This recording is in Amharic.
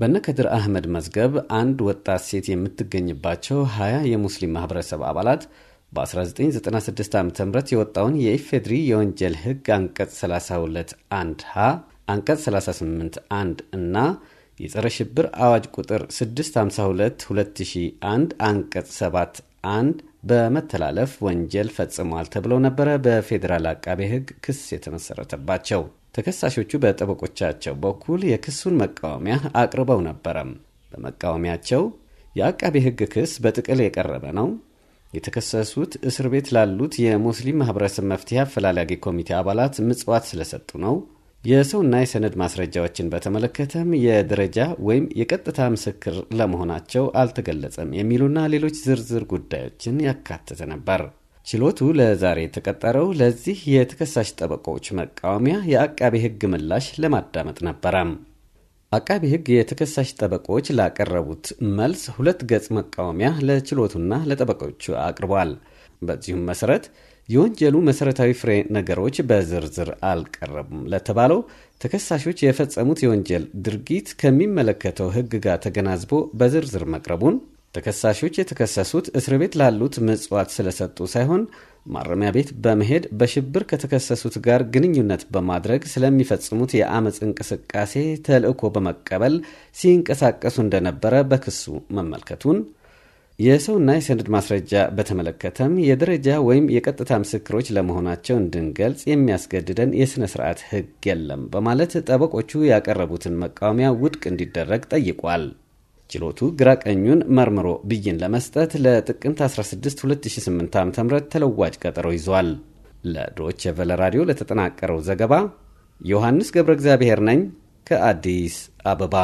በነ ከድር አህመድ መዝገብ አንድ ወጣት ሴት የምትገኝባቸው 20 የሙስሊም ማህበረሰብ አባላት በ1996 ዓ ም የወጣውን የኢፌድሪ የወንጀል ህግ አንቀጽ 32 1 ሀ አንቀጽ 38 1 እና የጸረ ሽብር አዋጅ ቁጥር 652 2001 አንቀጽ 7 1 በመተላለፍ ወንጀል ፈጽሟል ተብለው ነበረ በፌዴራል አቃቤ ህግ ክስ የተመሰረተባቸው። ተከሳሾቹ በጠበቆቻቸው በኩል የክሱን መቃወሚያ አቅርበው ነበረም። በመቃወሚያቸው የአቃቤ ሕግ ክስ በጥቅል የቀረበ ነው። የተከሰሱት እስር ቤት ላሉት የሙስሊም ማህበረሰብ መፍትሄ አፈላላጊ ኮሚቴ አባላት ምጽዋት ስለሰጡ ነው። የሰውና የሰነድ ማስረጃዎችን በተመለከተም የደረጃ ወይም የቀጥታ ምስክር ለመሆናቸው አልተገለጸም የሚሉና ሌሎች ዝርዝር ጉዳዮችን ያካተተ ነበር። ችሎቱ ለዛሬ የተቀጠረው ለዚህ የተከሳሽ ጠበቆች መቃወሚያ የአቃቤ ሕግ ምላሽ ለማዳመጥ ነበረ። አቃቢ ሕግ የተከሳሽ ጠበቆች ላቀረቡት መልስ ሁለት ገጽ መቃወሚያ ለችሎቱና ለጠበቆቹ አቅርቧል። በዚሁም መሰረት የወንጀሉ መሰረታዊ ፍሬ ነገሮች በዝርዝር አልቀረቡም ለተባለው ተከሳሾች የፈጸሙት የወንጀል ድርጊት ከሚመለከተው ሕግ ጋር ተገናዝቦ በዝርዝር መቅረቡን ተከሳሾች የተከሰሱት እስር ቤት ላሉት ምጽዋት ስለሰጡ ሳይሆን ማረሚያ ቤት በመሄድ በሽብር ከተከሰሱት ጋር ግንኙነት በማድረግ ስለሚፈጽሙት የአመፅ እንቅስቃሴ ተልዕኮ በመቀበል ሲንቀሳቀሱ እንደነበረ በክሱ መመልከቱን፣ የሰውና የሰነድ ማስረጃ በተመለከተም የደረጃ ወይም የቀጥታ ምስክሮች ለመሆናቸው እንድንገልጽ የሚያስገድደን የሥነ ሥርዓት ሕግ የለም በማለት ጠበቆቹ ያቀረቡትን መቃወሚያ ውድቅ እንዲደረግ ጠይቋል። ችሎቱ ግራ ቀኙን መርምሮ ብይን ለመስጠት ለጥቅምት 16 2008 ዓ ም ተለዋጭ ቀጠሮ ይዟል። ለዶች ቨለ ራዲዮ ለተጠናቀረው ዘገባ ዮሐንስ ገብረ እግዚአብሔር ነኝ ከአዲስ አበባ